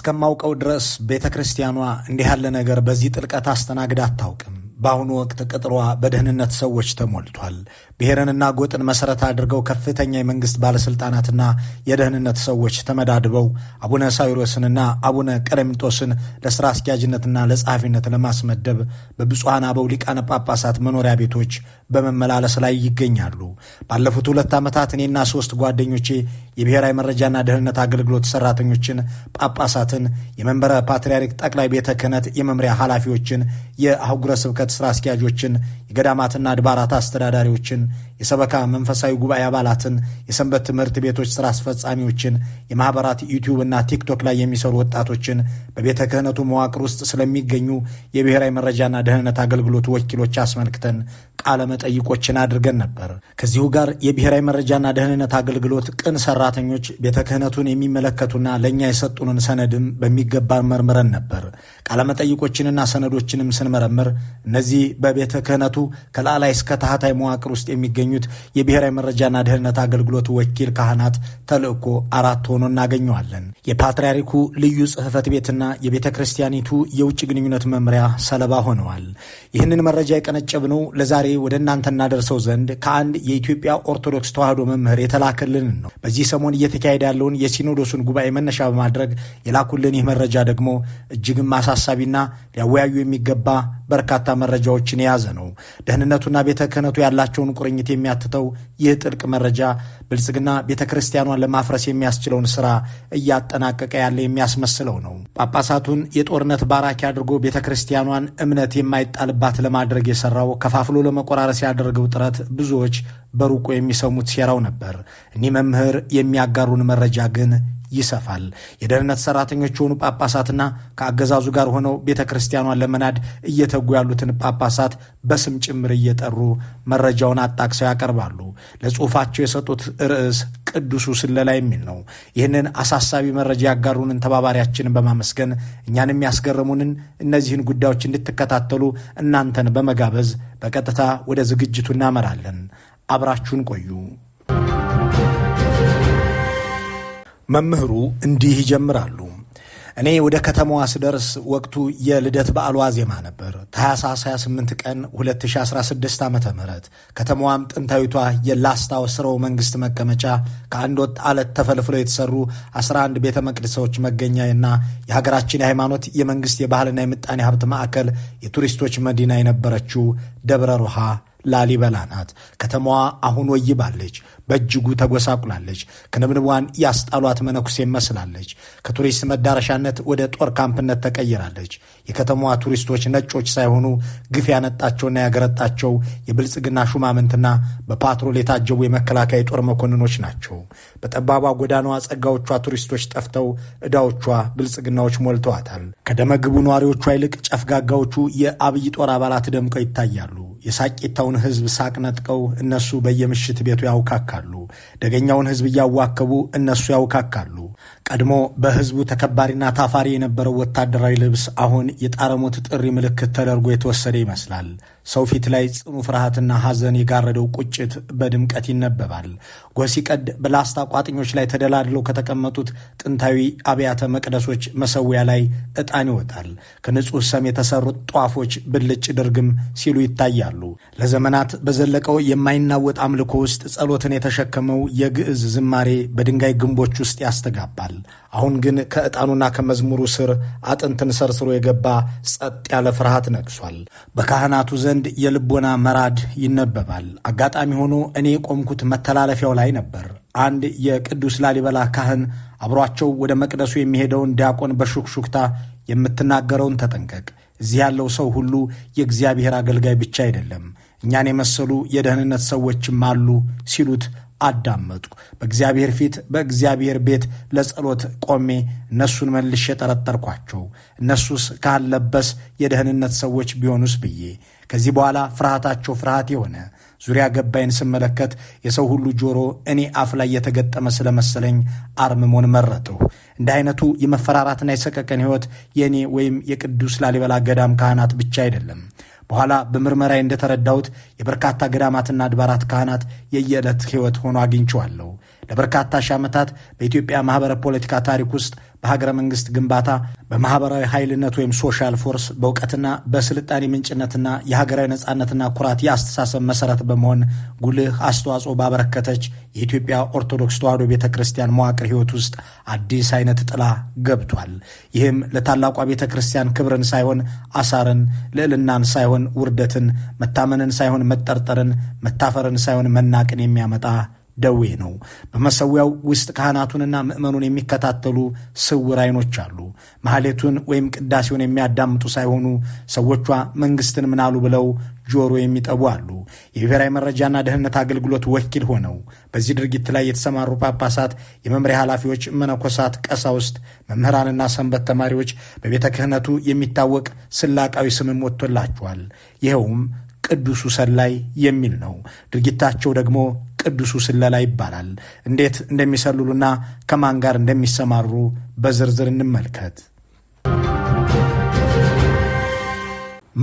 እስከማውቀው ድረስ ቤተ ክርስቲያኗ እንዲህ ያለ ነገር በዚህ ጥልቀት አስተናግዳ አታውቅም። በአሁኑ ወቅት ቅጥሯ በደህንነት ሰዎች ተሞልቷል። ብሔርንና ጎጥን መሰረት አድርገው ከፍተኛ የመንግስት ባለስልጣናትና የደህንነት ሰዎች ተመዳድበው አቡነ ሳይሮስንና አቡነ ቀለምንጦስን ለስራ አስኪያጅነትና ለጸሐፊነት ለማስመደብ በብፁሐን አበው ሊቃነ ጳጳሳት መኖሪያ ቤቶች በመመላለስ ላይ ይገኛሉ። ባለፉት ሁለት ዓመታት እኔና ሶስት ጓደኞቼ የብሔራዊ መረጃና ደህንነት አገልግሎት ሰራተኞችን፣ ጳጳሳትን፣ የመንበረ ፓትርያርክ ጠቅላይ ቤተ ክህነት የመምሪያ ኃላፊዎችን፣ የአህጉረ ስብከት ስራ አስኪያጆችን የገዳማትና አድባራት አስተዳዳሪዎችን የሰበካ መንፈሳዊ ጉባኤ አባላትን፣ የሰንበት ትምህርት ቤቶች ስራ አስፈጻሚዎችን፣ የማኅበራት እና ቲክቶክ ላይ የሚሰሩ ወጣቶችን፣ በቤተ ክህነቱ መዋቅር ውስጥ ስለሚገኙ የብሔራዊ መረጃና ደህንነት አገልግሎት ወኪሎች አስመልክተን ቃለ መጠይቆችን አድርገን ነበር። ከዚሁ ጋር የብሔራዊ መረጃና ደህንነት አገልግሎት ቅን ሰራተኞች ቤተ ክህነቱን የሚመለከቱና ለእኛ የሰጡንን ሰነድም በሚገባ መርምረን ነበር። ቃለ መጠይቆችንና ሰነዶችንም ስንመረምር እነዚህ በቤተ ክህነቱ ከላላይ እስከ ታህታይ መዋቅር ውስጥ የሚገኙ የተገኙት የብሔራዊ መረጃና ደህንነት አገልግሎት ወኪል ካህናት ተልእኮ አራት ሆኖ እናገኘዋለን። የፓትርያርኩ ልዩ ጽህፈት ቤትና የቤተ ክርስቲያኒቱ የውጭ ግንኙነት መምሪያ ሰለባ ሆነዋል። ይህንን መረጃ የቀነጨብነው ለዛሬ ወደ እናንተ እናደርሰው ዘንድ ከአንድ የኢትዮጵያ ኦርቶዶክስ ተዋሕዶ መምህር የተላከልን ነው። በዚህ ሰሞን እየተካሄደ ያለውን የሲኖዶሱን ጉባኤ መነሻ በማድረግ የላኩልን ይህ መረጃ ደግሞ እጅግም አሳሳቢና ሊያወያዩ የሚገባ በርካታ መረጃዎችን የያዘ ነው። ደህንነቱና ቤተ ክህነቱ ያላቸውን ቁርኝት የሚያትተው ይህ ጥልቅ መረጃ ብልጽግና ቤተ ክርስቲያኗን ለማፍረስ የሚያስችለውን ስራ እያጠናቀቀ ያለ የሚያስመስለው ነው። ጳጳሳቱን የጦርነት ባራኪ አድርጎ ቤተ ክርስቲያኗን እምነት የማይጣልባት ለማድረግ የሰራው ከፋፍሎ ለመቆራረስ ያደረገው ጥረት ብዙዎች በሩቁ የሚሰሙት ሴራው ነበር። እኒህ መምህር የሚያጋሩን መረጃ ግን ይሰፋል። የደህንነት ሰራተኞች የሆኑ ጳጳሳትና ከአገዛዙ ጋር ሆነው ቤተ ክርስቲያኗን ለመናድ እየተጉ ያሉትን ጳጳሳት በስም ጭምር እየጠሩ መረጃውን አጣቅሰው ያቀርባሉ። ለጽሑፋቸው የሰጡት ርዕስ ቅዱሱ ስለላ የሚል ነው። ይህንን አሳሳቢ መረጃ ያጋሩንን ተባባሪያችንን በማመስገን እኛንም ያስገረሙንን እነዚህን ጉዳዮች እንድትከታተሉ እናንተን በመጋበዝ በቀጥታ ወደ ዝግጅቱ እናመራለን። አብራችሁን ቆዩ። መምህሩ እንዲህ ይጀምራሉ። እኔ ወደ ከተማዋ ስደርስ ወቅቱ የልደት በዓሉ ዋዜማ ነበር። ታኅሳስ 28 ቀን 2016 ዓ ም ከተማዋም ጥንታዊቷ የላስታ ስርወ መንግሥት መቀመጫ ከአንድ ወጥ አለት ተፈልፍለው የተሰሩ 11 ቤተ መቅደሶች መገኛና የሀገራችን የሃይማኖት የመንግሥት የባህልና የምጣኔ ሀብት ማዕከል የቱሪስቶች መዲና የነበረችው ደብረ ሮሃ ላሊበላ ናት። ከተማዋ አሁን ወይባለች። በእጅጉ ተጎሳቁላለች። ክንብንቧን ያስጣሏት መነኩሴ መስላለች። ከቱሪስት መዳረሻነት ወደ ጦር ካምፕነት ተቀይራለች። የከተማዋ ቱሪስቶች ነጮች ሳይሆኑ ግፍ ያነጣቸውና ያገረጣቸው የብልጽግና ሹማምንትና በፓትሮል የታጀቡ የመከላከያ የጦር መኮንኖች ናቸው። በጠባቧ ጎዳናዋ ጸጋዎቿ ቱሪስቶች ጠፍተው ዕዳዎቿ ብልጽግናዎች ሞልተዋታል። ከደመግቡ ነዋሪዎቿ ይልቅ ጨፍጋጋዎቹ የአብይ ጦር አባላት ደምቀው ይታያሉ። የሳቂታውን ሕዝብ ሳቅ ነጥቀው እነሱ በየምሽት ቤቱ ያውካካል ያወርዳሉ። ደገኛውን ህዝብ እያዋከቡ እነሱ ያውካካሉ። ቀድሞ በህዝቡ ተከባሪና ታፋሪ የነበረው ወታደራዊ ልብስ አሁን የጣረሞት ጥሪ ምልክት ተደርጎ የተወሰደ ይመስላል። ሰው ፊት ላይ ጽኑ ፍርሃትና ሐዘን የጋረደው ቁጭት በድምቀት ይነበባል። ጎሲቀድ ሲቀድ በላስታ ቋጥኞች ላይ ተደላድለው ከተቀመጡት ጥንታዊ አብያተ መቅደሶች መሰዊያ ላይ ዕጣን ይወጣል። ከንጹሕ ሰም የተሰሩት ጧፎች ብልጭ ድርግም ሲሉ ይታያሉ። ለዘመናት በዘለቀው የማይናወጥ አምልኮ ውስጥ ጸሎትን የተሸከመው የግዕዝ ዝማሬ በድንጋይ ግንቦች ውስጥ ያስተጋባል። አሁን ግን ከዕጣኑና ከመዝሙሩ ስር አጥንትን ሰርስሮ የገባ ጸጥ ያለ ፍርሃት ነግሷል። በካህናቱ ዘንድ የልቦና መራድ ይነበባል። አጋጣሚ ሆኖ እኔ የቆምኩት መተላለፊያው ላይ ነበር። አንድ የቅዱስ ላሊበላ ካህን አብሯቸው ወደ መቅደሱ የሚሄደውን ዲያቆን በሹክሹክታ የምትናገረውን ተጠንቀቅ፣ እዚህ ያለው ሰው ሁሉ የእግዚአብሔር አገልጋይ ብቻ አይደለም፣ እኛን የመሰሉ የደህንነት ሰዎችም አሉ ሲሉት አዳመጥኩ። በእግዚአብሔር ፊት በእግዚአብሔር ቤት ለጸሎት ቆሜ እነሱን መልሼ የጠረጠርኳቸው እነሱስ ካለበስ የደህንነት ሰዎች ቢሆኑስ ብዬ ከዚህ በኋላ ፍርሃታቸው ፍርሃት የሆነ ዙሪያ ገባይን ስመለከት የሰው ሁሉ ጆሮ እኔ አፍ ላይ የተገጠመ ስለመሰለኝ አርምሞን መረጥሁ። እንደ አይነቱ የመፈራራትና የሰቀቀን ሕይወት የእኔ ወይም የቅዱስ ላሊበላ ገዳም ካህናት ብቻ አይደለም በኋላ በምርመራዬ እንደተረዳሁት የበርካታ ገዳማትና አድባራት ካህናት የየዕለት ሕይወት ሆኖ አግኝቼዋለሁ። ለበርካታ ሺህ ዓመታት በኢትዮጵያ ማኅበረ ፖለቲካ ታሪክ ውስጥ በሀገረ መንግስት ግንባታ፣ በማህበራዊ ኃይልነት ወይም ሶሻል ፎርስ፣ በእውቀትና በስልጣኔ ምንጭነትና የሀገራዊ ነፃነትና ኩራት የአስተሳሰብ መሰረት በመሆን ጉልህ አስተዋጽኦ ባበረከተች የኢትዮጵያ ኦርቶዶክስ ተዋሕዶ ቤተ ክርስቲያን መዋቅር ህይወት ውስጥ አዲስ አይነት ጥላ ገብቷል። ይህም ለታላቋ ቤተ ክርስቲያን ክብርን ሳይሆን አሳርን፣ ልዕልናን ሳይሆን ውርደትን፣ መታመንን ሳይሆን መጠርጠርን፣ መታፈርን ሳይሆን መናቅን የሚያመጣ ደዌ ነው። በመሰዊያው ውስጥ ካህናቱንና ምዕመኑን የሚከታተሉ ስውር አይኖች አሉ። ማህሌቱን ወይም ቅዳሴውን የሚያዳምጡ ሳይሆኑ ሰዎቿ መንግሥትን ምናሉ ብለው ጆሮ የሚጠቡ አሉ። የብሔራዊ መረጃና ደህንነት አገልግሎት ወኪል ሆነው በዚህ ድርጊት ላይ የተሰማሩ ጳጳሳት፣ የመምሪያ ኃላፊዎች፣ መነኮሳት፣ ቀሳውስት፣ መምህራንና ሰንበት ተማሪዎች በቤተ ክህነቱ የሚታወቅ ስላቃዊ ስምም ወጥቶላቸዋል። ይኸውም ቅዱሱ ሰላይ የሚል ነው። ድርጊታቸው ደግሞ ቅዱሱ ስለላ ይባላል። እንዴት እንደሚሰልሉና ከማን ጋር እንደሚሰማሩ በዝርዝር እንመልከት።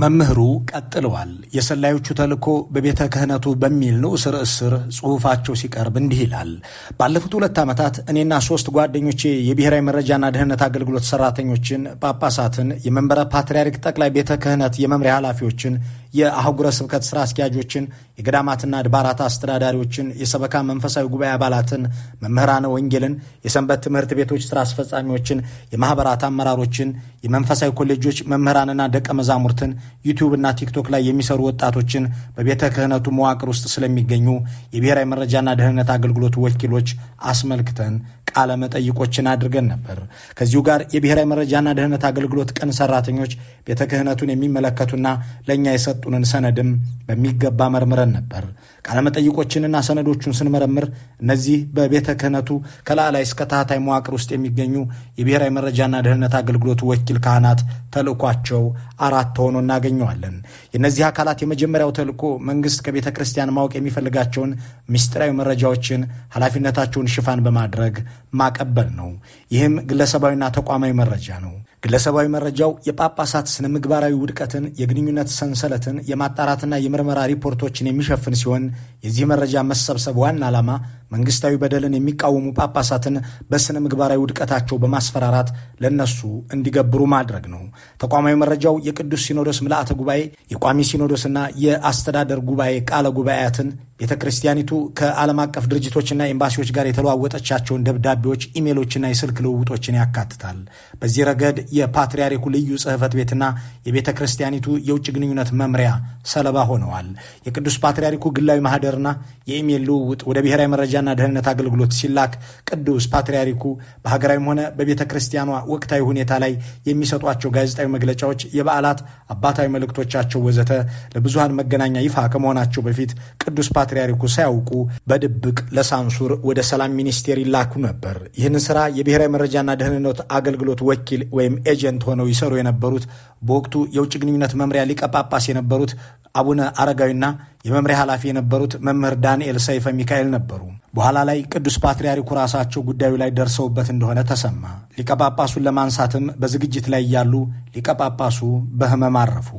መምህሩ ቀጥለዋል። የሰላዮቹ ተልእኮ በቤተ ክህነቱ በሚል ንዑስ ርዕስ ስር ጽሑፋቸው ሲቀርብ እንዲህ ይላል። ባለፉት ሁለት ዓመታት እኔና ሶስት ጓደኞቼ የብሔራዊ መረጃና ደህንነት አገልግሎት ሰራተኞችን፣ ጳጳሳትን፣ የመንበረ ፓትርያርክ ጠቅላይ ቤተ ክህነት የመምሪያ ኃላፊዎችን፣ የአህጉረ ስብከት ስራ አስኪያጆችን፣ የገዳማትና አድባራት አስተዳዳሪዎችን፣ የሰበካ መንፈሳዊ ጉባኤ አባላትን፣ መምህራነ ወንጌልን፣ የሰንበት ትምህርት ቤቶች ስራ አስፈጻሚዎችን፣ የማኅበራት አመራሮችን፣ የመንፈሳዊ ኮሌጆች መምህራንና ደቀ መዛሙርትን ዩቲዩብ እና ቲክቶክ ላይ የሚሰሩ ወጣቶችን በቤተ ክህነቱ መዋቅር ውስጥ ስለሚገኙ የብሔራዊ መረጃና ደህንነት አገልግሎት ወኪሎች አስመልክተን ቃለ መጠይቆችን አድርገን ነበር። ከዚሁ ጋር የብሔራዊ መረጃና ደህንነት አገልግሎት ቀን ሰራተኞች ቤተ ክህነቱን የሚመለከቱና ለእኛ የሰጡንን ሰነድም በሚገባ መርምረን ነበር። ቃለመጠይቆችንና ሰነዶቹን ስንመረምር እነዚህ በቤተ ክህነቱ ከላዕላይ እስከ ታህታይ መዋቅር ውስጥ የሚገኙ የብሔራዊ መረጃና ደህንነት አገልግሎት ወኪል ካህናት ተልእኳቸው አራት ሆኖ እናገኘዋለን። የእነዚህ አካላት የመጀመሪያው ተልእኮ መንግስት ከቤተ ክርስቲያን ማወቅ የሚፈልጋቸውን ምስጢራዊ መረጃዎችን ኃላፊነታቸውን ሽፋን በማድረግ ማቀበል ነው። ይህም ግለሰባዊና ተቋማዊ መረጃ ነው። ግለሰባዊ መረጃው የጳጳሳት ስነ ምግባራዊ ውድቀትን፣ የግንኙነት ሰንሰለትን፣ የማጣራትና የምርመራ ሪፖርቶችን የሚሸፍን ሲሆን የዚህ መረጃ መሰብሰብ ዋና ዓላማ መንግስታዊ በደልን የሚቃወሙ ጳጳሳትን በስነ ምግባራዊ ውድቀታቸው በማስፈራራት ለነሱ እንዲገብሩ ማድረግ ነው። ተቋማዊ መረጃው የቅዱስ ሲኖዶስ ምልአተ ጉባኤ፣ የቋሚ ሲኖዶስና የአስተዳደር ጉባኤ ቃለ ጉባኤያትን ቤተ ክርስቲያኒቱ ከዓለም አቀፍ ድርጅቶችና ኤምባሲዎች ጋር የተለዋወጠቻቸውን ደብዳቤዎች፣ ኢሜሎችና የስልክ ልውውጦችን ያካትታል። በዚህ ረገድ የፓትርያርኩ ልዩ ጽህፈት ቤትና የቤተ ክርስቲያኒቱ የውጭ ግንኙነት መምሪያ ሰለባ ሆነዋል። የቅዱስ ፓትርያርኩ ግላዊ ማህደርና የኢሜል ልውውጥ ወደ ብሔራዊ መረጃና ደህንነት አገልግሎት ሲላክ ቅዱስ ፓትርያርኩ በሀገራዊም ሆነ በቤተ ክርስቲያኗ ወቅታዊ ሁኔታ ላይ የሚሰጧቸው ጋዜጣዊ መግለጫዎች፣ የበዓላት አባታዊ መልእክቶቻቸው ወዘተ ለብዙሃን መገናኛ ይፋ ከመሆናቸው በፊት ቅዱስ ፓትርያርኩ ሳያውቁ በድብቅ ለሳንሱር ወደ ሰላም ሚኒስቴር ይላኩ ነበር። ይህን ስራ የብሔራዊ መረጃና ደህንነት አገልግሎት ወኪል ወይም ኤጀንት ሆነው ይሰሩ የነበሩት በወቅቱ የውጭ ግንኙነት መምሪያ ሊቀ ጳጳስ የነበሩት አቡነ አረጋዊና የመምሪያ ኃላፊ የነበሩት መምህር ዳንኤል ሰይፈ ሚካኤል ነበሩ። በኋላ ላይ ቅዱስ ፓትርያርኩ ራሳቸው ጉዳዩ ላይ ደርሰውበት እንደሆነ ተሰማ። ሊቀጳጳሱን ለማንሳትም በዝግጅት ላይ እያሉ ሊቀጳጳሱ በህመም አረፉ።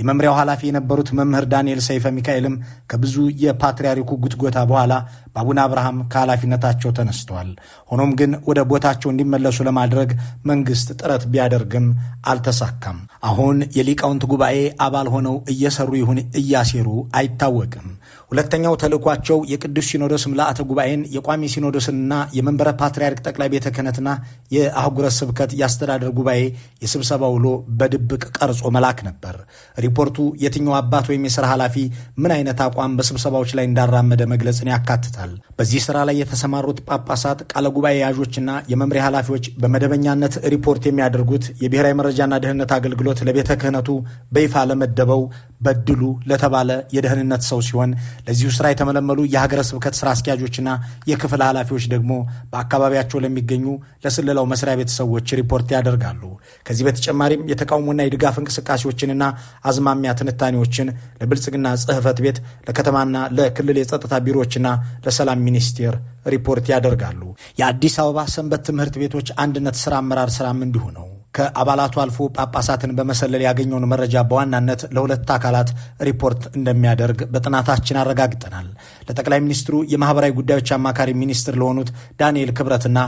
የመምሪያው ኃላፊ የነበሩት መምህር ዳንኤል ሰይፈ ሚካኤልም ከብዙ የፓትርያርኩ ጉትጎታ በኋላ በአቡነ አብርሃም ከኃላፊነታቸው ተነስተዋል። ሆኖም ግን ወደ ቦታቸው እንዲመለሱ ለማድረግ መንግስት ጥረት ቢያደርግም አልተሳካም። አሁን የሊቃውንት ጉባኤ አባል ሆነው እየሰሩ ይሁን እያሴሩ አይታወ awaken ሁለተኛው ተልእኳቸው የቅዱስ ሲኖዶስ ምልአተ ጉባኤን የቋሚ ሲኖዶስንና የመንበረ ፓትርያርክ ጠቅላይ ቤተ ክህነትና የአህጉረ ስብከት የአስተዳደር ጉባኤ የስብሰባ ውሎ በድብቅ ቀርጾ መላክ ነበር። ሪፖርቱ የትኛው አባት ወይም የሥራ ኃላፊ ምን አይነት አቋም በስብሰባዎች ላይ እንዳራመደ መግለጽን ያካትታል። በዚህ ሥራ ላይ የተሰማሩት ጳጳሳት፣ ቃለ ጉባኤ ያዦችና የመምሪያ ኃላፊዎች በመደበኛነት ሪፖርት የሚያደርጉት የብሔራዊ መረጃና ደህንነት አገልግሎት ለቤተ ክህነቱ በይፋ ለመደበው በድሉ ለተባለ የደህንነት ሰው ሲሆን ለዚሁ ስራ የተመለመሉ የሀገረ ስብከት ስራ አስኪያጆችና የክፍል ኃላፊዎች ደግሞ በአካባቢያቸው ለሚገኙ ለስለላው መስሪያ ቤት ሰዎች ሪፖርት ያደርጋሉ። ከዚህ በተጨማሪም የተቃውሞና የድጋፍ እንቅስቃሴዎችንና አዝማሚያ ትንታኔዎችን ለብልጽግና ጽህፈት ቤት፣ ለከተማና ለክልል የጸጥታ ቢሮዎችና ለሰላም ሚኒስቴር ሪፖርት ያደርጋሉ። የአዲስ አበባ ሰንበት ትምህርት ቤቶች አንድነት ስራ አመራር ስራም እንዲሁ ነው። ከአባላቱ አልፎ ጳጳሳትን በመሰለል ያገኘውን መረጃ በዋናነት ለሁለት አካላት ሪፖርት እንደሚያደርግ በጥናታችን አረጋግጠናል። ለጠቅላይ ሚኒስትሩ የማህበራዊ ጉዳዮች አማካሪ ሚኒስትር ለሆኑት ዳንኤል ክብረትና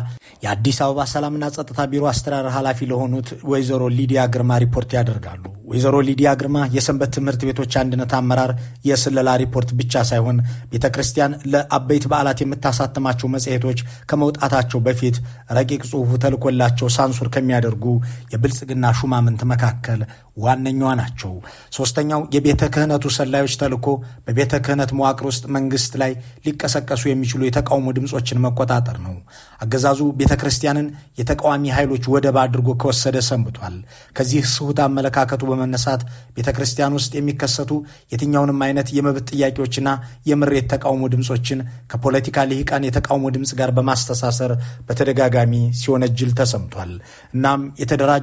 የአዲስ አበባ ሰላምና ጸጥታ ቢሮ አስተዳደር ኃላፊ ለሆኑት ወይዘሮ ሊዲያ ግርማ ሪፖርት ያደርጋሉ። ወይዘሮ ሊዲያ ግርማ የሰንበት ትምህርት ቤቶች አንድነት አመራር የስለላ ሪፖርት ብቻ ሳይሆን ቤተ ክርስቲያን ለአበይት በዓላት የምታሳትማቸው መጽሔቶች ከመውጣታቸው በፊት ረቂቅ ጽሑፉ ተልኮላቸው ሳንሱር ከሚያደርጉ የብልጽግና ሹማምንት መካከል ዋነኛዋ ናቸው። ሶስተኛው የቤተ ክህነቱ ሰላዮች ተልዕኮ በቤተ ክህነት መዋቅር ውስጥ መንግስት ላይ ሊቀሰቀሱ የሚችሉ የተቃውሞ ድምፆችን መቆጣጠር ነው። አገዛዙ ቤተ ክርስቲያንን የተቃዋሚ ኃይሎች ወደብ አድርጎ ከወሰደ ሰንብቷል። ከዚህ ስሁት አመለካከቱ በመነሳት ቤተ ክርስቲያን ውስጥ የሚከሰቱ የትኛውንም አይነት የመብት ጥያቄዎችና የምሬት ተቃውሞ ድምፆችን ከፖለቲካ ልሂቃን የተቃውሞ ድምፅ ጋር በማስተሳሰር በተደጋጋሚ ሲወነጅል ተሰምቷል። እናም የተደራጀም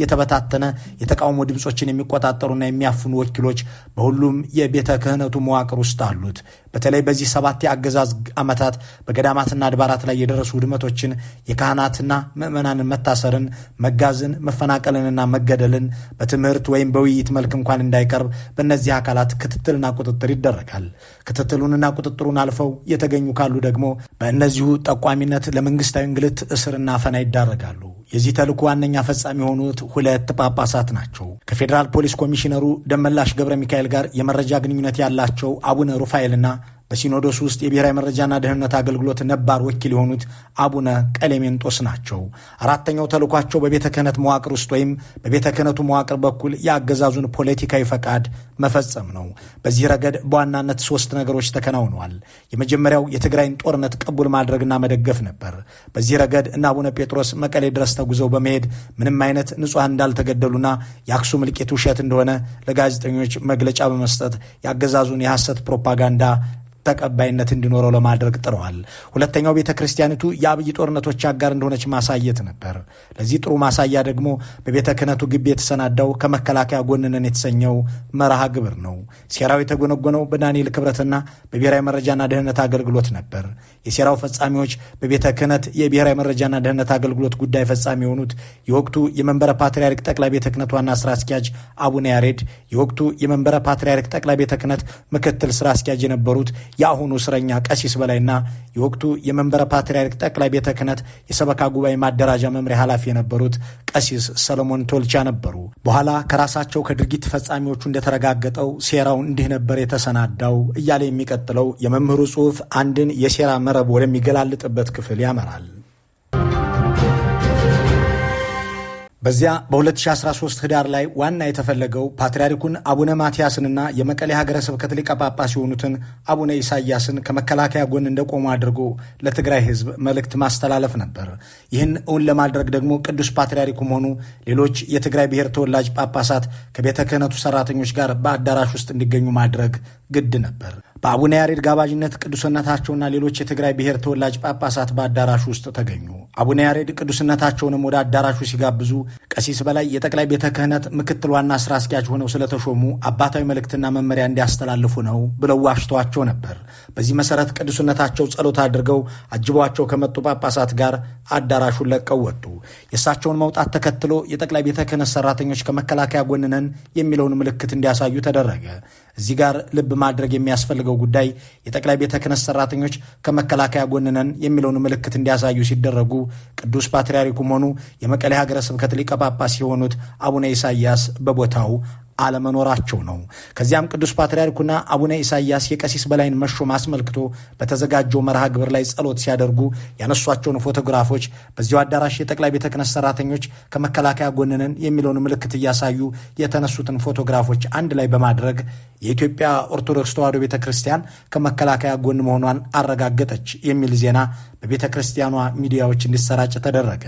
የተበታተነ የተቃውሞ የተቃውሞ ድምፆችን የሚቆጣጠሩና የሚያፍኑ ወኪሎች በሁሉም የቤተ ክህነቱ መዋቅር ውስጥ አሉት። በተለይ በዚህ ሰባት የአገዛዝ ዓመታት በገዳማትና አድባራት ላይ የደረሱ ውድመቶችን፣ የካህናትና ምዕመናንን መታሰርን፣ መጋዝን፣ መፈናቀልንና መገደልን በትምህርት ወይም በውይይት መልክ እንኳን እንዳይቀርብ በእነዚህ አካላት ክትትልና ቁጥጥር ይደረጋል። ክትትሉንና ቁጥጥሩን አልፈው የተገኙ ካሉ ደግሞ በእነዚሁ ጠቋሚነት ለመንግስታዊ እንግልት እስርና ፈና ይዳረጋሉ። የዚህ ተልዕኮ ዋነኛ ፈጻሚ የሆኑት ሁለት ጳጳሳት ናቸው። ከፌዴራል ፖሊስ ኮሚሽነሩ ደመላሽ ገብረ ሚካኤል ጋር የመረጃ ግንኙነት ያላቸው አቡነ ሩፋኤልና በሲኖዶስ ውስጥ የብሔራዊ መረጃና ደህንነት አገልግሎት ነባር ወኪል የሆኑት አቡነ ቀሌሜንጦስ ናቸው። አራተኛው ተልኳቸው በቤተ ክህነት መዋቅር ውስጥ ወይም በቤተ ክህነቱ መዋቅር በኩል የአገዛዙን ፖለቲካዊ ፈቃድ መፈጸም ነው። በዚህ ረገድ በዋናነት ሶስት ነገሮች ተከናውነዋል። የመጀመሪያው የትግራይን ጦርነት ቅቡል ማድረግና መደገፍ ነበር። በዚህ ረገድ እነ አቡነ ጴጥሮስ መቀሌ ድረስ ተጉዘው በመሄድ ምንም አይነት ንጹሐን እንዳልተገደሉና የአክሱም እልቂት ውሸት እንደሆነ ለጋዜጠኞች መግለጫ በመስጠት የአገዛዙን የሐሰት ፕሮፓጋንዳ ተቀባይነት እንዲኖረው ለማድረግ ጥረዋል። ሁለተኛው ቤተ ክርስቲያኒቱ የአብይ ጦርነቶች አጋር እንደሆነች ማሳየት ነበር። ለዚህ ጥሩ ማሳያ ደግሞ በቤተ ክህነቱ ግቢ የተሰናዳው ከመከላከያ ጎንነን የተሰኘው መርሃ ግብር ነው። ሴራው የተጎነጎነው በዳንኤል ክብረትና በብሔራዊ መረጃና ደህንነት አገልግሎት ነበር። የሴራው ፈጻሚዎች በቤተ ክህነት የብሔራዊ መረጃና ደህንነት አገልግሎት ጉዳይ ፈጻሚ የሆኑት የወቅቱ የመንበረ ፓትርያርክ ጠቅላይ ቤተ ክህነት ዋና ስራ አስኪያጅ አቡነ ያሬድ፣ የወቅቱ የመንበረ ፓትርያርክ ጠቅላይ ቤተ ክህነት ምክትል ስራ አስኪያጅ የነበሩት የአሁኑ እስረኛ ቀሲስ በላይና የወቅቱ የመንበረ ፓትርያርክ ጠቅላይ ቤተ ክህነት የሰበካ ጉባኤ ማደራጃ መምሪያ ኃላፊ የነበሩት ቀሲስ ሰለሞን ቶልቻ ነበሩ። በኋላ ከራሳቸው ከድርጊት ፈጻሚዎቹ እንደተረጋገጠው ሴራው እንዲህ ነበር የተሰናዳው እያለ የሚቀጥለው የመምህሩ ጽሑፍ አንድን የሴራ መረብ ወደሚገላልጥበት ክፍል ያመራል። በዚያ በ2013 ህዳር ላይ ዋና የተፈለገው ፓትርያርኩን አቡነ ማትያስንና የመቀሌ ሀገረ ስብከት ሊቀ ጳጳስ የሆኑትን አቡነ ኢሳያስን ከመከላከያ ጎን እንደቆሙ አድርጎ ለትግራይ ህዝብ መልእክት ማስተላለፍ ነበር። ይህን እውን ለማድረግ ደግሞ ቅዱስ ፓትርያርኩም ሆኑ ሌሎች የትግራይ ብሔር ተወላጅ ጳጳሳት ከቤተ ክህነቱ ሰራተኞች ጋር በአዳራሽ ውስጥ እንዲገኙ ማድረግ ግድ ነበር። በአቡነ ያሬድ ጋባዥነት ቅዱስነታቸውና ሌሎች የትግራይ ብሔር ተወላጅ ጳጳሳት በአዳራሹ ውስጥ ተገኙ። አቡነ ያሬድ ቅዱስነታቸውንም ወደ አዳራሹ ሲጋብዙ ቀሲስ በላይ የጠቅላይ ቤተ ክህነት ምክትል ዋና ስራ አስኪያጅ ሆነው ስለተሾሙ አባታዊ መልእክትና መመሪያ እንዲያስተላልፉ ነው ብለው ዋሽተዋቸው ነበር። በዚህ መሰረት ቅዱስነታቸው ጸሎት አድርገው አጅቧቸው ከመጡ ጳጳሳት ጋር አዳራሹን ለቀው ወጡ። የእሳቸውን መውጣት ተከትሎ የጠቅላይ ቤተ ክህነት ሰራተኞች ከመከላከያ ጎንነን የሚለውን ምልክት እንዲያሳዩ ተደረገ። እዚህ ጋር ልብ ማድረግ የሚያስፈልገው ጉዳይ የጠቅላይ ቤተ ክህነት ሰራተኞች ከመከላከያ ጎንነን የሚለውን ምልክት እንዲያሳዩ ሲደረጉ ቅዱስ ፓትርያርኩም ሆኑ የመቀሌ ሀገረ ስብከት ሊቀ ጳጳስ የሆኑት አቡነ ኢሳያስ በቦታው አለመኖራቸው ነው። ከዚያም ቅዱስ ፓትርያርኩና አቡነ ኢሳያስ የቀሲስ በላይን መሾም አስመልክቶ በተዘጋጀው መርሃ ግብር ላይ ጸሎት ሲያደርጉ ያነሷቸውን ፎቶግራፎች በዚሁ አዳራሽ የጠቅላይ ቤተ ክህነት ሰራተኞች ከመከላከያ ጎንነን የሚለውን ምልክት እያሳዩ የተነሱትን ፎቶግራፎች አንድ ላይ በማድረግ የኢትዮጵያ ኦርቶዶክስ ተዋሕዶ ቤተ ክርስቲያን ከመከላከያ ጎን መሆኗን አረጋገጠች የሚል ዜና በቤተ ክርስቲያኗ ሚዲያዎች እንዲሰራጭ ተደረገ።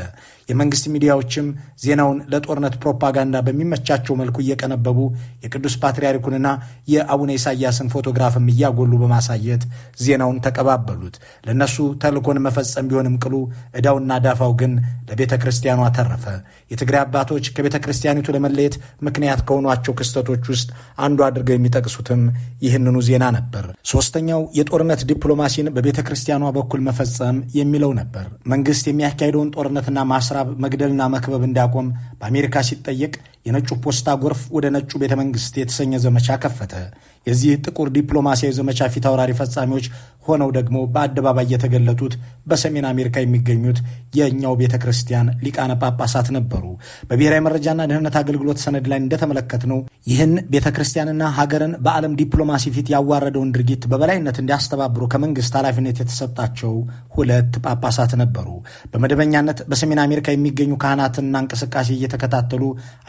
የመንግስት ሚዲያዎችም ዜናውን ለጦርነት ፕሮፓጋንዳ በሚመቻቸው መልኩ እየቀነበቡ የቅዱስ ፓትርያርኩንና የአቡነ ኢሳያስን ፎቶግራፍም እያጎሉ በማሳየት ዜናውን ተቀባበሉት። ለእነሱ ተልኮን መፈጸም ቢሆንም ቅሉ ዕዳውና ዳፋው ግን ለቤተ ክርስቲያኗ ተረፈ። የትግራይ አባቶች ከቤተ ክርስቲያኒቱ ለመለየት ምክንያት ከሆኗቸው ክስተቶች ውስጥ አንዱ አድርገው የሚጠቅሱትም ይህንኑ ዜና ነበር። ሶስተኛው የጦርነት ዲፕሎማሲን በቤተ ክርስቲያኗ በኩል መፈጸም የሚለው ነበር። መንግስት የሚያካሄደውን ጦርነትና ማስራብ መግደልና መክበብ እንዲያቆም በአሜሪካ ሲጠየቅ የነጩ ፖስታ ጎርፍ ወደ ነጩ ቤተ መንግስት የተሰኘ ዘመቻ ከፈተ። የዚህ ጥቁር ዲፕሎማሲያዊ ዘመቻ ፊት አውራሪ ፈጻሚዎች ሆነው ደግሞ በአደባባይ የተገለጡት በሰሜን አሜሪካ የሚገኙት የእኛው ቤተ ክርስቲያን ሊቃነ ጳጳሳት ነበሩ። በብሔራዊ መረጃና ደህንነት አገልግሎት ሰነድ ላይ እንደተመለከትነው ይህን ቤተ ክርስቲያንና ሀገርን በዓለም ዲፕሎማሲ ፊት ያዋረደውን ድርጊት በበላይነት እንዲያስተባብሩ ከመንግስት ኃላፊነት የተሰጣቸው ሁለት ጳጳሳት ነበሩ። በመደበኛነት በሰሜን አሜሪካ የሚገኙ ካህናትና እንቅስቃሴ እየተከታተሉ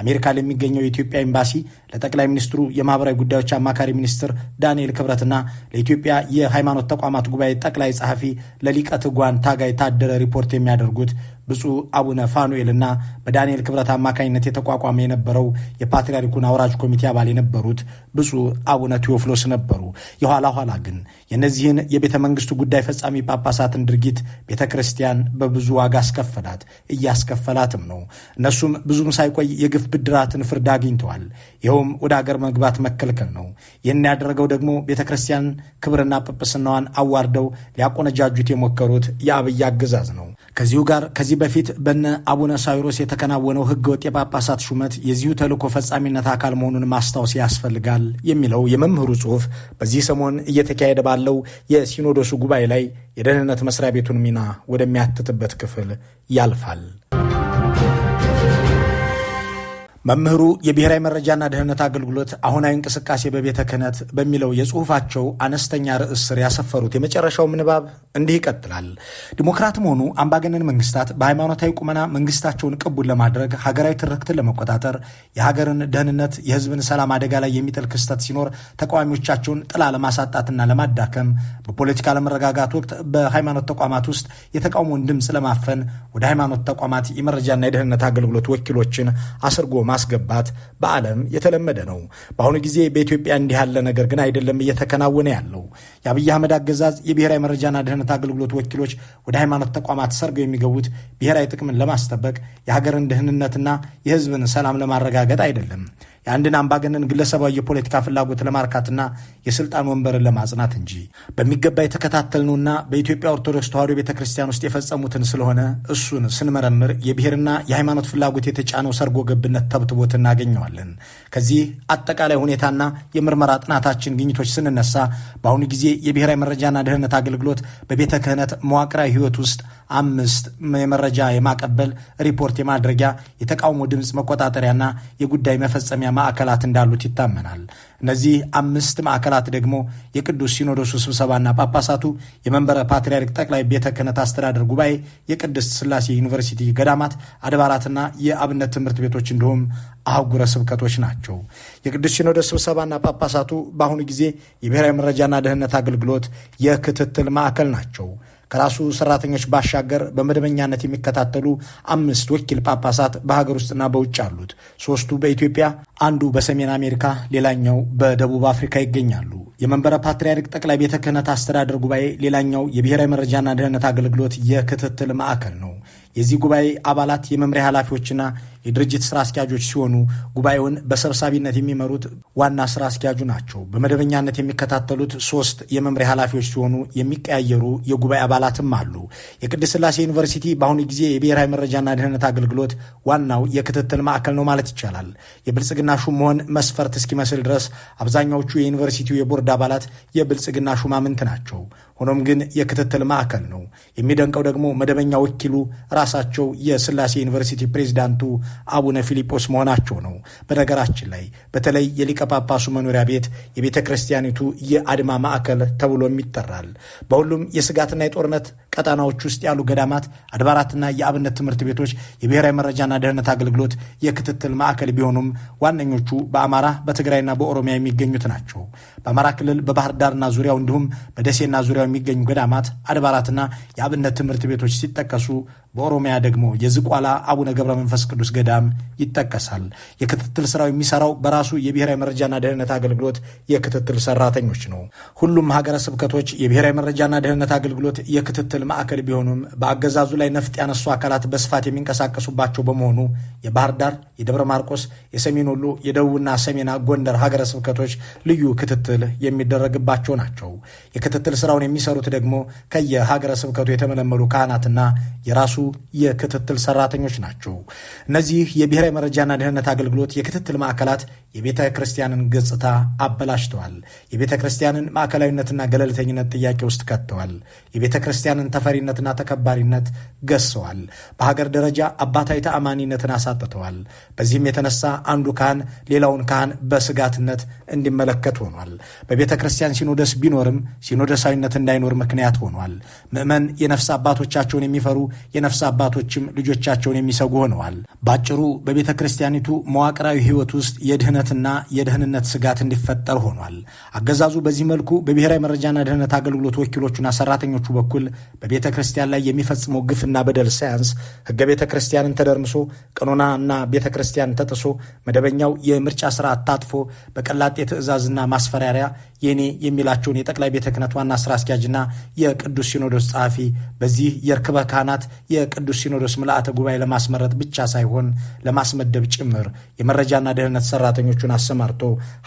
አሜሪካ ለሚገኘው የኢትዮጵያ ኤምባሲ ለጠቅላይ ሚኒስትሩ የማህበራዊ ጉዳዮች አማካሪ ሚኒስትር ዳንኤል ክብረትና ለኢትዮጵያ የሃይማኖት ተቋማት ጉባኤ ጠቅላይ ጸሐፊ ለሊቀ ትጓን ታጋይ ታደረ ሪፖርት የሚያደርጉት ብፁዕ አቡነ ፋኑኤልና በዳንኤል ክብረት አማካኝነት የተቋቋመ የነበረው የፓትርያርኩን አውራጅ ኮሚቴ አባል የነበሩት ብፁዕ አቡነ ቴዎፍሎስ ነበሩ። የኋላ ኋላ ግን የእነዚህን የቤተ መንግስቱ ጉዳይ ፈጻሚ ጳጳሳትን ድርጊት ቤተ ክርስቲያን በብዙ ዋጋ አስከፈላት፣ እያስከፈላትም ነው። እነሱም ብዙም ሳይቆይ የግፍ ብድራትን ፍርድ አግኝተዋል። ይኸውም ወደ አገር መግባት መከልከል ነው። ይህን ያደረገው ደግሞ ቤተ ክርስቲያን ክብርና ጵጵስናዋን አዋርደው ሊያቆነጃጁት የሞከሩት የአብይ አገዛዝ ነው። ከዚሁ ጋር ከዚህ በፊት በነ አቡነ ሳይሮስ የተከናወነው ህገወጥ የጳጳሳት ሹመት የዚሁ ተልእኮ ፈጻሚነት አካል መሆኑን ማስታወስ ያስፈልጋል የሚለው የመምህሩ ጽሑፍ በዚህ ሰሞን እየተካሄደ ባለው የሲኖዶሱ ጉባኤ ላይ የደህንነት መስሪያ ቤቱን ሚና ወደሚያትትበት ክፍል ያልፋል። መምህሩ የብሔራዊ መረጃና ደህንነት አገልግሎት አሁናዊ እንቅስቃሴ በቤተ ክህነት በሚለው የጽሁፋቸው አነስተኛ ርዕስ ስር ያሰፈሩት የመጨረሻው ምንባብ እንዲህ ይቀጥላል። ዲሞክራት መሆኑ አምባገነን መንግስታት በሃይማኖታዊ ቁመና መንግስታቸውን ቅቡን ለማድረግ ሀገራዊ ትርክትን ለመቆጣጠር የሀገርን ደህንነት፣ የህዝብን ሰላም አደጋ ላይ የሚጥል ክስተት ሲኖር ተቃዋሚዎቻቸውን ጥላ ለማሳጣትና ለማዳከም በፖለቲካ ለመረጋጋት ወቅት በሃይማኖት ተቋማት ውስጥ የተቃውሞን ድምፅ ለማፈን ወደ ሃይማኖት ተቋማት የመረጃና የደህንነት አገልግሎት ወኪሎችን አስርጎማ ማስገባት በዓለም የተለመደ ነው። በአሁኑ ጊዜ በኢትዮጵያ እንዲህ ያለ ነገር ግን አይደለም እየተከናወነ ያለው። የአብይ አህመድ አገዛዝ የብሔራዊ መረጃና ደህንነት አገልግሎት ወኪሎች ወደ ሃይማኖት ተቋማት ሰርገው የሚገቡት ብሔራዊ ጥቅምን ለማስጠበቅ የሀገርን ደህንነትና የህዝብን ሰላም ለማረጋገጥ አይደለም የአንድን አምባገነን ግለሰባዊ የፖለቲካ ፍላጎት ለማርካትና የስልጣን ወንበርን ለማጽናት እንጂ በሚገባ የተከታተልነውና በኢትዮጵያ ኦርቶዶክስ ተዋሕዶ ቤተ ክርስቲያን ውስጥ የፈጸሙትን ስለሆነ እሱን ስንመረምር የብሔርና የሃይማኖት ፍላጎት የተጫነው ሰርጎ ገብነት ተብትቦት እናገኘዋለን። ከዚህ አጠቃላይ ሁኔታና የምርመራ ጥናታችን ግኝቶች ስንነሳ በአሁኑ ጊዜ የብሔራዊ መረጃና ደህንነት አገልግሎት በቤተ ክህነት መዋቅራዊ ሕይወት ውስጥ አምስት የመረጃ የማቀበል ሪፖርት የማድረጊያ የተቃውሞ ድምፅ መቆጣጠሪያና የጉዳይ መፈጸሚያ ማዕከላት እንዳሉት ይታመናል። እነዚህ አምስት ማዕከላት ደግሞ የቅዱስ ሲኖዶሱ ስብሰባና ጳጳሳቱ፣ የመንበረ ፓትርያርክ ጠቅላይ ቤተ ክህነት አስተዳደር ጉባኤ፣ የቅድስት ስላሴ ዩኒቨርሲቲ ገዳማት፣ አድባራትና የአብነት ትምህርት ቤቶች እንዲሁም አህጉረ ስብከቶች ናቸው። የቅዱስ ሲኖዶስ ስብሰባና ጳጳሳቱ በአሁኑ ጊዜ የብሔራዊ መረጃና ደህንነት አገልግሎት የክትትል ማዕከል ናቸው። ከራሱ ሰራተኞች ባሻገር በመደበኛነት የሚከታተሉ አምስት ወኪል ጳጳሳት በሀገር ውስጥና በውጭ አሉት። ሶስቱ በኢትዮጵያ፣ አንዱ በሰሜን አሜሪካ፣ ሌላኛው በደቡብ አፍሪካ ይገኛሉ። የመንበረ ፓትርያርክ ጠቅላይ ቤተ ክህነት አስተዳደር ጉባኤ ሌላኛው የብሔራዊ መረጃና ደህንነት አገልግሎት የክትትል ማዕከል ነው። የዚህ ጉባኤ አባላት የመምሪያ ኃላፊዎችና የድርጅት ስራ አስኪያጆች ሲሆኑ ጉባኤውን በሰብሳቢነት የሚመሩት ዋና ስራ አስኪያጁ ናቸው። በመደበኛነት የሚከታተሉት ሶስት የመምሪያ ኃላፊዎች ሲሆኑ የሚቀያየሩ የጉባኤ አባላትም አሉ። የቅድስት ስላሴ ዩኒቨርሲቲ በአሁኑ ጊዜ የብሔራዊ መረጃና ደህንነት አገልግሎት ዋናው የክትትል ማዕከል ነው ማለት ይቻላል። የብልጽግና ሹም መሆን መስፈርት እስኪመስል ድረስ አብዛኛዎቹ የዩኒቨርሲቲው የቦርድ አባላት የብልጽግና ሹማምንት ናቸው። ሆኖም ግን የክትትል ማዕከል ነው። የሚደንቀው ደግሞ መደበኛ ወኪሉ ራሳቸው የስላሴ ዩኒቨርሲቲ ፕሬዚዳንቱ አቡነ ፊሊጶስ መሆናቸው ነው። በነገራችን ላይ በተለይ የሊቀ ጳጳሱ መኖሪያ ቤት የቤተ ክርስቲያኒቱ የአድማ ማዕከል ተብሎም ይጠራል። በሁሉም የስጋትና የጦርነት ቀጠናዎች ውስጥ ያሉ ገዳማት፣ አድባራትና የአብነት ትምህርት ቤቶች የብሔራዊ መረጃና ደህንነት አገልግሎት የክትትል ማዕከል ቢሆኑም ዋነኞቹ በአማራ በትግራይና በኦሮሚያ የሚገኙት ናቸው። በአማራ ክልል በባህር ዳርና ዙሪያው እንዲሁም በደሴና ዙሪያ በየደረጃው የሚገኙ ገዳማት፣ አድባራትና የአብነት ትምህርት ቤቶች ሲጠቀሱ በኦሮሚያ ደግሞ የዝቋላ አቡነ ገብረ መንፈስ ቅዱስ ገዳም ይጠቀሳል። የክትትል ስራው የሚሰራው በራሱ የብሔራዊ መረጃና ደህንነት አገልግሎት የክትትል ሰራተኞች ነው። ሁሉም ሀገረ ስብከቶች የብሔራዊ መረጃና ደህንነት አገልግሎት የክትትል ማዕከል ቢሆኑም በአገዛዙ ላይ ነፍጥ ያነሱ አካላት በስፋት የሚንቀሳቀሱባቸው በመሆኑ የባህር ዳር፣ የደብረ ማርቆስ፣ የሰሜን ወሎ፣ የደቡብና ሰሜና ጎንደር ሀገረ ስብከቶች ልዩ ክትትል የሚደረግባቸው ናቸው። የክትትል ስራውን የሚሰሩት ደግሞ ከየሀገረ ስብከቱ የተመለመሉ ካህናትና የራሱ የክትትል ሰራተኞች ናቸው። እነዚህ የብሔራዊ መረጃና ደህንነት አገልግሎት የክትትል ማዕከላት የቤተ ክርስቲያንን ገጽታ አበላሽተዋል። የቤተ ክርስቲያንን ማዕከላዊነትና ገለልተኝነት ጥያቄ ውስጥ ከተዋል። የቤተ ክርስቲያንን ተፈሪነትና ተከባሪነት ገሰዋል። በሀገር ደረጃ አባታዊ ተአማኒነትን አሳጥተዋል። በዚህም የተነሳ አንዱ ካህን ሌላውን ካህን በስጋትነት እንዲመለከት ሆኗል። በቤተ ክርስቲያን ሲኖደስ ቢኖርም ሲኖደሳዊነት እንዳይኖር ምክንያት ሆኗል። ምዕመን የነፍስ አባቶቻቸውን የሚፈሩ የነፍስ አባቶችም ልጆቻቸውን የሚሰጉ ሆነዋል። ባጭሩ በቤተ ክርስቲያኒቱ መዋቅራዊ ሕይወት ውስጥ የድህነ ደህንነትና የደህንነት ስጋት እንዲፈጠር ሆኗል። አገዛዙ በዚህ መልኩ በብሔራዊ መረጃና ደህንነት አገልግሎት ወኪሎቹና ሰራተኞቹ በኩል በቤተ ክርስቲያን ላይ የሚፈጽመው ግፍና በደል ሳያንስ ህገ ቤተ ክርስቲያንን ተደርምሶ ቀኖናና ቤተ ክርስቲያን ተጥሶ መደበኛው የምርጫ ስርዓት ታጥፎ በቀላጤ ትዕዛዝና ማስፈራሪያ የኔ የሚላቸውን የጠቅላይ ቤተ ክህነት ዋና ስራ አስኪያጅና የቅዱስ ሲኖዶስ ጸሐፊ በዚህ የርክበ ካህናት የቅዱስ ሲኖዶስ ምልአተ ጉባኤ ለማስመረጥ ብቻ ሳይሆን ለማስመደብ ጭምር የመረጃና ደህንነት ሰራተኞቹን አሰማርቶ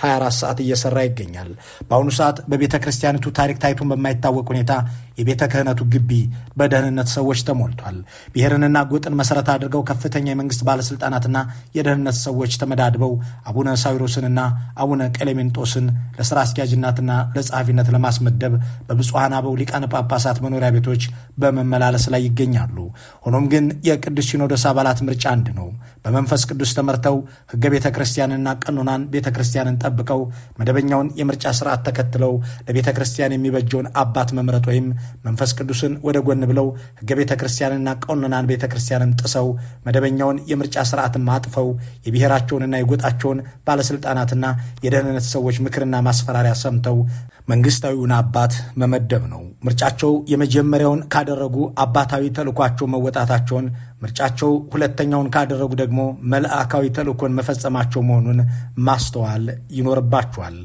24 ሰዓት እየሰራ ይገኛል። በአሁኑ ሰዓት በቤተ ክርስቲያኒቱ ታሪክ ታይቶን በማይታወቅ ሁኔታ የቤተ ክህነቱ ግቢ በደህንነት ሰዎች ተሞልቷል። ብሔርንና ጎጥን መሰረት አድርገው ከፍተኛ የመንግስት ባለስልጣናትና የደህንነት ሰዎች ተመዳድበው አቡነ ሳዊሮስንና አቡነ ቀሌሜንጦስን ለስራ አስኪያጅነትና ለጸሐፊነት ለማስመደብ በብፁዓን አበው ሊቃነ ጳጳሳት መኖሪያ ቤቶች በመመላለስ ላይ ይገኛሉ። ሆኖም ግን የቅዱስ ሲኖዶስ አባላት ምርጫ አንድ ነው። በመንፈስ ቅዱስ ተመርተው ህገ ቤተ ክርስቲያንና ቀኖናን ቤተ ክርስቲያንን ጠብቀው መደበኛውን የምርጫ ስርዓት ተከትለው ለቤተ ክርስቲያን የሚበጀውን አባት መምረጥ ወይም መንፈስ ቅዱስን ወደ ጎን ብለው ሕገ ቤተ ክርስቲያንና ቀኖናን ቤተ ክርስቲያንም ጥሰው መደበኛውን የምርጫ ስርዓትም አጥፈው የብሔራቸውንና የጎጣቸውን ባለሥልጣናትና የደህንነት ሰዎች ምክርና ማስፈራሪያ ሰምተው መንግስታዊውን አባት መመደብ ነው። ምርጫቸው የመጀመሪያውን ካደረጉ አባታዊ ተልኳቸው መወጣታቸውን ምርጫቸው ሁለተኛውን ካደረጉ ደግሞ መልአካዊ ተልእኮን መፈጸማቸው መሆኑን ማስተዋል ይኖርባቸዋል።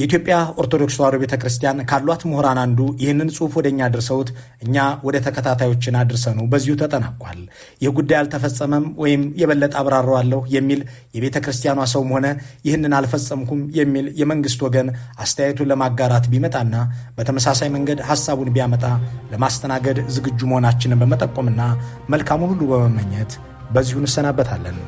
የኢትዮጵያ ኦርቶዶክስ ተዋሕዶ ቤተ ክርስቲያን ካሏት ምሁራን አንዱ ይህንን ጽሑፍ ወደ እኛ አድርሰውት እኛ ወደ ተከታታዮችን አድርሰኑ በዚሁ ተጠናቋል። ይህ ጉዳይ አልተፈጸመም ወይም የበለጠ አብራረዋለሁ የሚል የቤተ ክርስቲያኗ ሰውም ሆነ ይህንን አልፈጸምኩም የሚል የመንግስት ወገን አስተያየቱን ለማጋራት ቢመጣና በተመሳሳይ መንገድ ሀሳቡን ቢያመጣ ለማስተናገድ ዝግጁ መሆናችንን በመጠቆምና መልካሙን ሁሉ በመመኘት በዚሁ እንሰናበታለን።